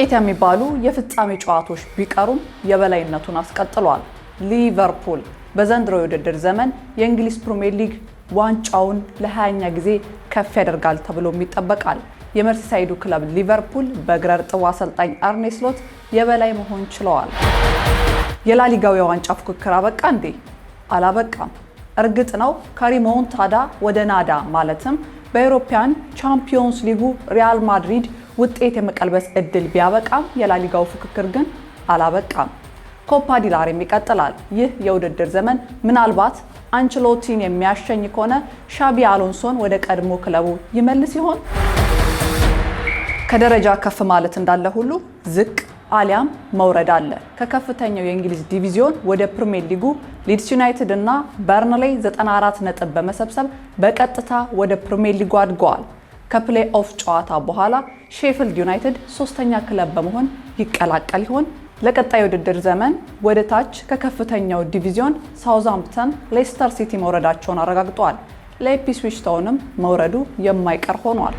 ጥቂት የሚባሉ የፍጻሜ ጨዋታዎች ቢቀሩም የበላይነቱን አስቀጥሏል። ሊቨርፑል በዘንድሮ የውድድር ዘመን የእንግሊዝ ፕሪምየር ሊግ ዋንጫውን ለሀያኛ ጊዜ ከፍ ያደርጋል ተብሎም ይጠበቃል። የመርሲሳይዱ ክለብ ሊቨርፑል በእግረ እርጥቡ አሰልጣኝ አርኔ ስሎት የበላይ መሆን ችለዋል። የላሊጋው የዋንጫ ፉክክር አበቃ እንዴ? አላበቃም። እርግጥ ነው ከሪሞንታዳ ወደ ናዳ ማለትም በኤሮፓያን ቻምፒዮንስ ሊጉ ሪያል ማድሪድ ውጤት የመቀልበስ እድል ቢያበቃም የላሊጋው ፉክክር ግን አላበቃም። ኮፓ ዲላሬም ይቀጥላል። ይህ የውድድር ዘመን ምናልባት አንችሎቲን የሚያሸኝ ከሆነ ሻቢ አሎንሶን ወደ ቀድሞ ክለቡ ይመልስ ይሆን? ከደረጃ ከፍ ማለት እንዳለ ሁሉ ዝቅ አሊያም መውረድ አለ። ከከፍተኛው የእንግሊዝ ዲቪዚዮን ወደ ፕሪሚየር ሊጉ ሊድስ ዩናይትድ እና በርንሌይ 94 ነጥብ በመሰብሰብ በቀጥታ ወደ ፕሪሚየር ሊጉ አድገዋል። ከፕሌይ ኦፍ ጨዋታ በኋላ ሼፊልድ ዩናይትድ ሶስተኛ ክለብ በመሆን ይቀላቀል ይሆን? ለቀጣይ ውድድር ዘመን ወደ ታች ከከፍተኛው ዲቪዚዮን ሳውዝሃምፕተን፣ ሌስተር ሲቲ መውረዳቸውን አረጋግጠዋል። ለኢፕስዊች ታውንም መውረዱ የማይቀር ሆኗል።